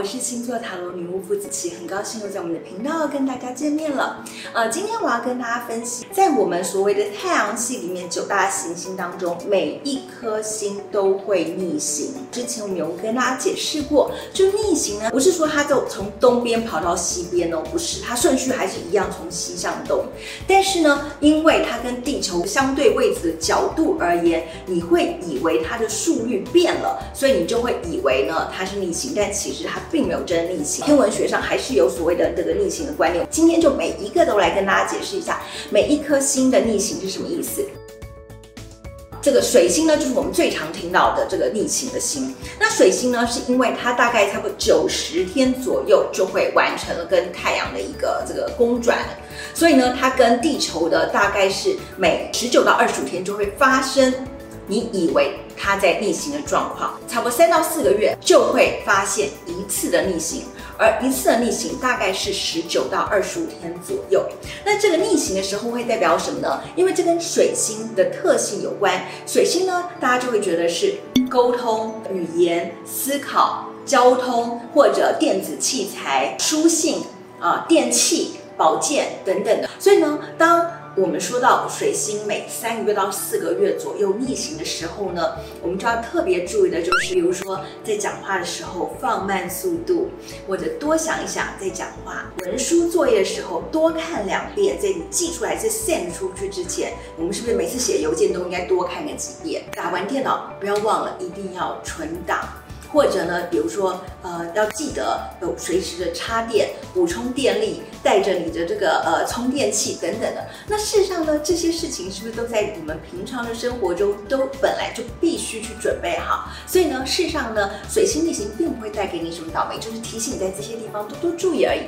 我是星座塔羅女巫傅子綺，很高興又在我們的頻道跟大家見面了。呃，今天我要跟大家分析，在我們所謂的太陽系裡面九大行星當中，每一顆星都會逆行。之前我們有跟大家解釋過，就逆行呢，不是說它就從東邊跑到西邊哦，不是，它順序還是一樣從西向東。但是呢，因為它跟地球相對位置的角度而言，你會以為它的速率變了，所以你就會以為呢它是逆行，但其實它。並沒有真逆行。天文學上還是有所謂的這個逆行的觀念。今天就每一個都來跟大家解釋一下，每一顆星的逆行是什麼意思。這個水星呢，就是我們最常聽到的這個逆行的星。那水星呢，是因為它大概差不多九十天左右就會完成了跟太陽的一個這個公轉，所以呢，它跟地球的大概是每十九到二十五天就會發生。你以為它在逆行的狀況，差不多三到四個月就會發現一次的逆行，而一次的逆行大概是十九到二十五天左右。那這個逆行的時候會代表什麼呢？因為這跟水星的特性有關。水星呢，大家就會覺得是溝通、語言、思考、交通或者電子器材、書信啊、呃、電器、保健等等的。所以呢，當我們說到水星每三個月到四個月左右逆行的時候呢，我們就要特別注意的就是，比如說在講話的時候放慢速度，或者多想一想再講話；文書作業的時候多看兩遍，在你寄出來、在 send 出去之前，我們是不是每次寫郵件都應該多看個幾遍？打完電腦不要忘了一定要存檔。或者呢，比如說，呃，要記得有隨時的插電、補充電力，帶着你的這個呃充電器等等的。那事實上呢，這些事情是不是都在你們平常的生活中都本來就必須去準備好？所以呢，事實上呢，水星逆行並不會帶給你什麼倒霉，就是提醒你在這些地方多多注意而已。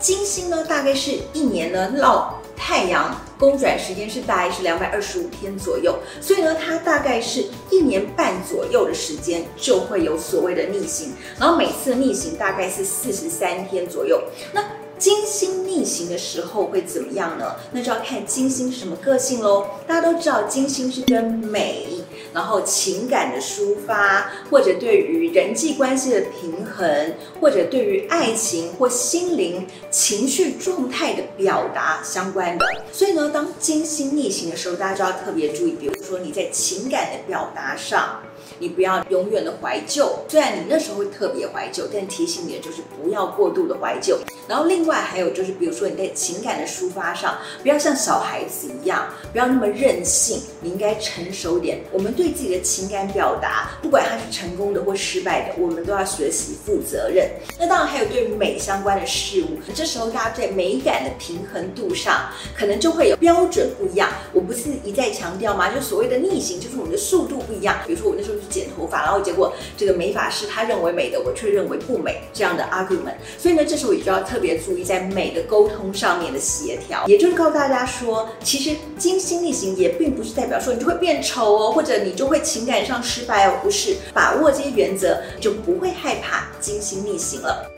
金星呢，大概是一年呢繞。太陽公轉時間是大概是兩百二十五天左右，所以呢，它大概是一年半左右的時間就會有所謂的逆行，然後每次逆行大概是四十三天左右。那金星逆行的時候會怎麼樣呢？那就要看金星是什麼個性嘍。大家都知道金星是跟美。然後情感的抒發，或者對於人際關係的平衡，或者對於愛情或心靈情緒狀態的表達相關的。所以呢，當金星逆行的時候，大家就要特別注意。比如說你在情感的表達上，你不要永遠的懷舊。雖然你那時候會特別懷舊，但提醒你的就是不要過度的懷舊。然後另外還有就是，比如說你在情感的抒發上，不要像小孩子一樣，不要那麼任性，你應該成熟點。我們。對自己的情感表達，不管它是成功的或失敗的，我們都要學習負責任。那當然還有對於美相關的事物，這時候大家在美感的平衡度上，可能就會有標準不一樣。我不是一再強調嗎？就所謂的逆行，就是我們的速度不一樣。比如說我那時候去剪頭髮，然後結果這個美髮師他認為美的，我卻認為不美這樣的 argument。所以呢，這時候也就要特別注意在美的溝通上面的協調。也就是告訴大家說，其實金星逆行也并不是代表說你就會變醜哦，或者你。你就會情感上失敗，而不是把握這些原則，就不會害怕金星逆行了。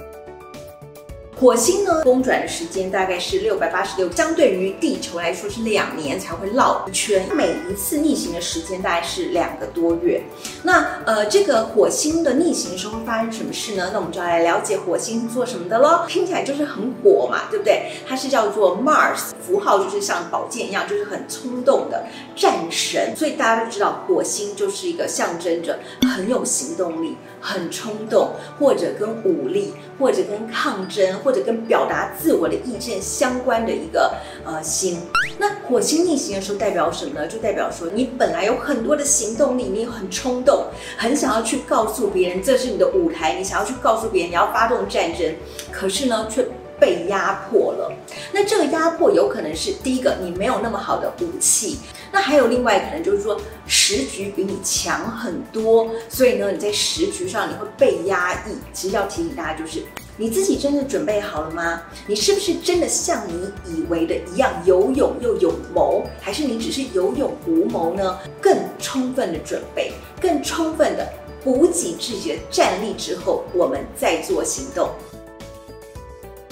火星呢公轉的時間大概是六百八十六，相對於地球來說是兩年才會繞一圈。每一次逆行的時間大概是兩個多月。那呃，這個火星的逆行的時候會發生什麼事呢？那我們就要來了解火星做什麼的咯。聽起來就是很火嘛，對不對？它是叫做 Mars，符號就是像寶劍一樣，就是很衝動的戰神。所以大家都知道，火星就是一個象徵着很有行動力、很衝動，或者跟武力，或者跟抗爭。或者跟表達自我的意見相關的一個呃星，那火星逆行的時候代表什麼呢？就代表說你本來有很多的行動力，你很衝動，很想要去告訴別人這是你的舞台，你想要去告訴別人你要發動戰爭，可是呢卻被壓迫了。那這個壓迫有可能是第一個你沒有那麼好的武器，那還有另外可能就是說時局比你強很多，所以呢你在時局上你會被壓抑。其實要提醒大家就是。你自己真的準備好了嗎？你是不是真的像你以為的一樣有勇又有謀，還是你只是有勇無謀呢？更充分的準備，更充分的補給自己的戰力之後，我們再做行動。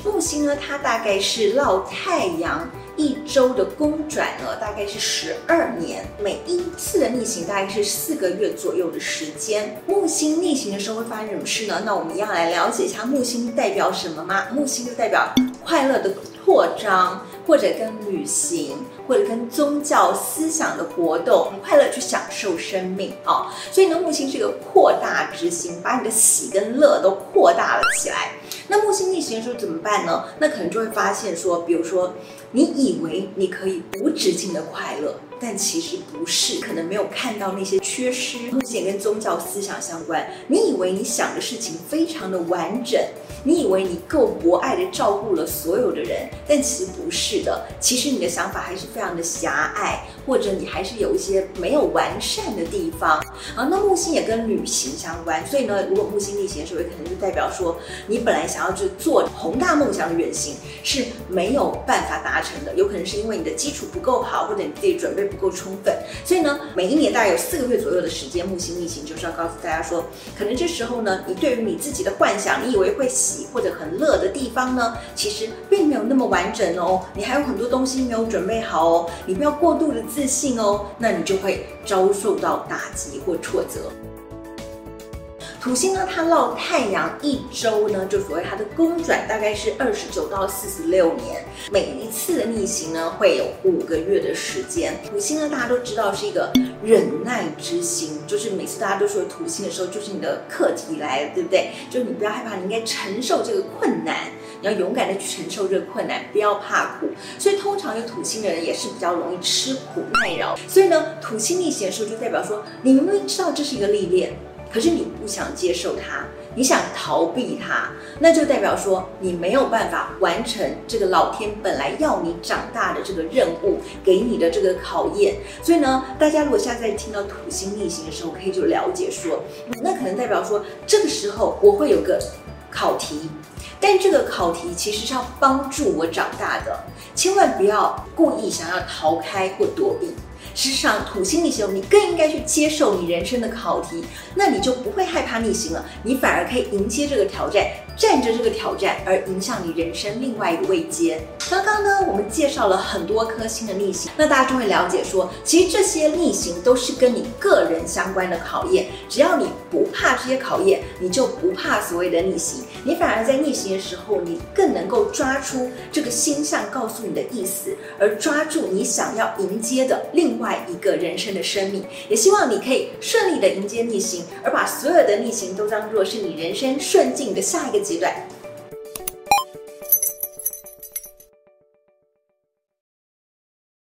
木星呢？它大概是繞太陽。一周的公轉呢，大概是十二年；每一次的逆行大概是四個月左右的時間。木星逆行的時候會發生什麼事呢？那我們一樣來了解一下木星代表什麼嗎？木星就代表快樂的擴張，或者跟旅行，或者跟宗教思想的活動，很快樂去享受生命啊。哦，所以呢，木星是一個擴大之星，把你的喜跟樂都擴大了起來。那木星逆行的時候怎麼辦呢？那可能就會發現說，比如說，你以為你可以無止境的快樂。但其實不是，可能沒有看到那些缺失。木星跟宗教思想相關，你以為你想的事情非常的完整，你以為你夠博愛的照顧了所有的人，但其實不是的。其實你的想法還是非常的狹隘，或者你還是有一些沒有完善的地方。啊，那木星也跟旅行相關，所以呢，如果木星逆行的時候，也可能是代表說你本來想要去做宏大夢想的遠行是沒有辦法達成的，有可能是因為你的基礎不夠好，或者你自己準備。不夠充分，所以呢，每一年大概有四個月左右的時間，木星逆行就是要告訴大家說，可能這時候呢，你對於你自己的幻想，你以為會喜或者很樂的地方呢，其實並沒有那麼完整哦，你還有很多東西沒有準備好哦，你不要過度的自信哦，那你就會遭受到打擊或挫折。土星呢，它繞太陽一周呢，就所謂它的公轉大概是二十九到四十六年。每一次的逆行呢，會有五個月的時間。土星呢，大家都知道是一個忍耐之星，就是每次大家都說土星的時候，就是你的課題來了，對不對？就是你不要害怕，你應該承受這個困難，你要勇敢的去承受這個困難，不要怕苦。所以通常有土星的人也是比較容易吃苦耐勞。所以呢，土星逆行的時候就代表說，你明明知道這是一個歷練。可是你不想接受它，你想逃避它，那就代表說你沒有辦法完成這個老天本來要你長大的這個任務，給你的這個考驗。所以呢，大家如果現在聽到土星逆行的時候，可以就了解說，那可能代表說這個時候我會有個考題，但這個考題其實是要幫助我長大的，千萬不要故意想要逃開或躲避。實際上，土星逆行，你更應該去接受你人生的考題，那你就不會害怕逆行了，你反而可以迎接這個挑戰，站着這個挑戰而迎向你人生另外一個位階。剛剛呢，我們介紹了很多顆星的逆行，那大家就會了解說，其實這些逆行都是跟你個人相關的考驗。只要你不怕這些考驗，你就不怕所謂的逆行，你反而在逆行的時候，你更能夠抓出這個星象告訴你的意思，而抓住你想要迎接的另外一個人生的生命。也希望你可以順利的迎接逆行，而把所有的逆行都當作是你人生順境的下一個階段。